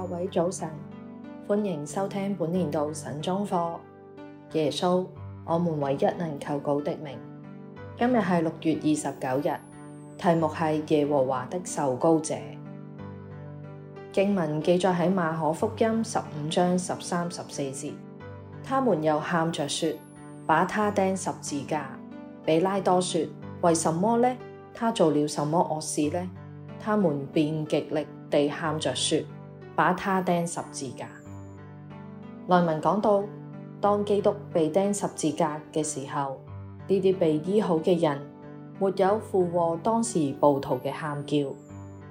各位早晨，歡迎收聽本年度神莊課。耶穌，我們唯一能求告的名。今日係六月二十九日，題目係耶和華的受膏者。經文記載喺馬可福音十五章十三、十四節。他們又喊着說，把他釘十字架。比拉多說：為什麼呢？他做了什麼惡事呢？他們便極力地喊着說。把他釘十字架。內文講到，當基督被釘十字架嘅時候，呢啲被醫好嘅人沒有附和當時暴徒嘅喊叫，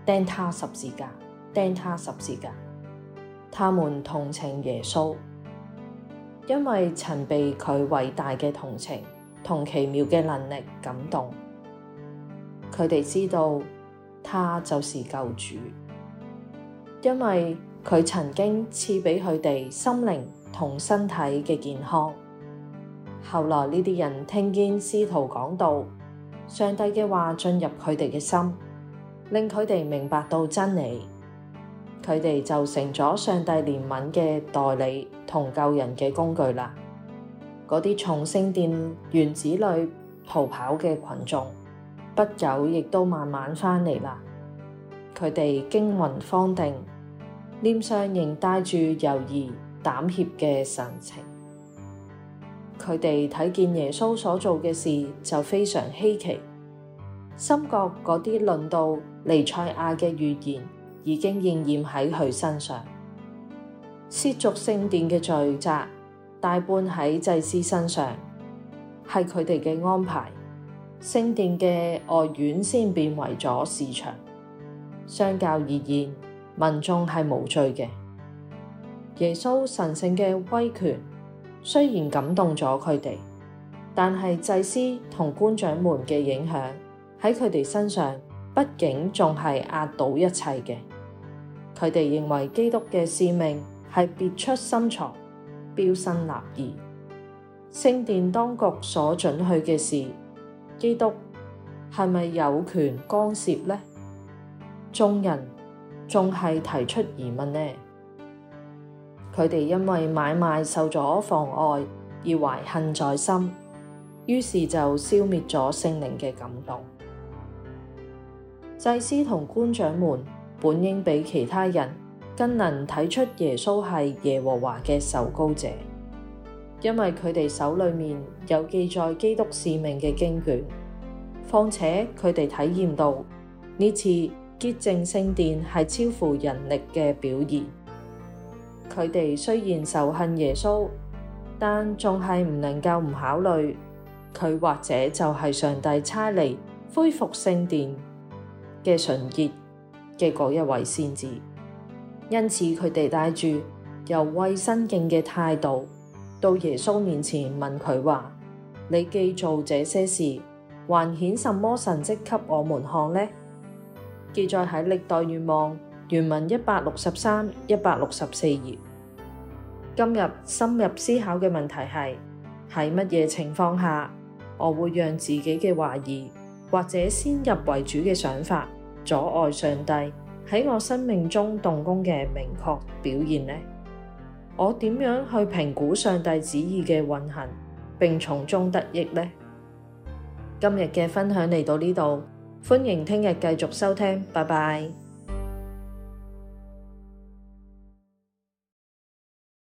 釘他十字架，釘他十字架。佢哋同情耶穌，因為曾被佢偉大嘅同情同奇妙嘅能力感動。佢哋知道他就是救主。因為佢曾經賜畀佢哋心靈同身體嘅健康，後來呢啲人聽見使徒講道上帝嘅話進入佢哋嘅心，令佢哋明白到真理，佢哋就成咗上帝憐憫嘅代理同救人嘅工具啦。嗰啲從聖殿園子裏逃跑嘅群眾，不久亦都慢慢翻嚟啦。佢哋驚魂方定，臉上仍帶住猶疑膽怯嘅神情。佢哋睇見耶穌所做嘅事就非常稀奇，心覺嗰啲論到彌賽亞嘅預言已經應驗喺佢身上。涉足聖殿嘅罪責大半喺祭司身上，係佢哋嘅安排。聖殿嘅外院先變為咗市場。相較而言，民眾係無罪嘅。耶穌神聖嘅威權雖然感動咗佢哋，但係祭司同官長們嘅影響喺佢哋身上，畢竟仲係壓倒一切嘅。佢哋認為基督嘅使命係別出心裁、標新立異。聖殿當局所准許嘅事，基督係咪有權干涉呢？眾人仲係提出疑問呢？佢哋因為買賣受咗妨礙而懷恨在心，於是就消滅咗聖靈嘅感動。祭司同官長們本應比其他人更能睇出耶穌係耶和華嘅受膏者，因為佢哋手裏面有記載基督使命嘅經卷，況且佢哋體驗到呢次。潔淨聖殿係超乎人力嘅表現，佢哋雖然仇恨耶穌，但仲係唔能夠唔考慮佢或者就係上帝差嚟恢復聖殿嘅純潔嘅嗰一位先知。因此他們，佢哋帶住由畏新敬嘅態度到耶穌面前問佢話：你既做這些事，還顯什麼神蹟給我們看呢？記載喺《歷代願望》原文一百六十三、一百六十四頁。今日深入思考嘅問題係：喺乜嘢情況下，我會讓自己嘅懷疑或者先入為主嘅想法阻礙上帝喺我生命中動工嘅明確表現呢？我點樣去評估上帝旨意嘅運行，並從中得益呢？今日嘅分享嚟到呢度。歡迎聽日繼續收聽，拜拜。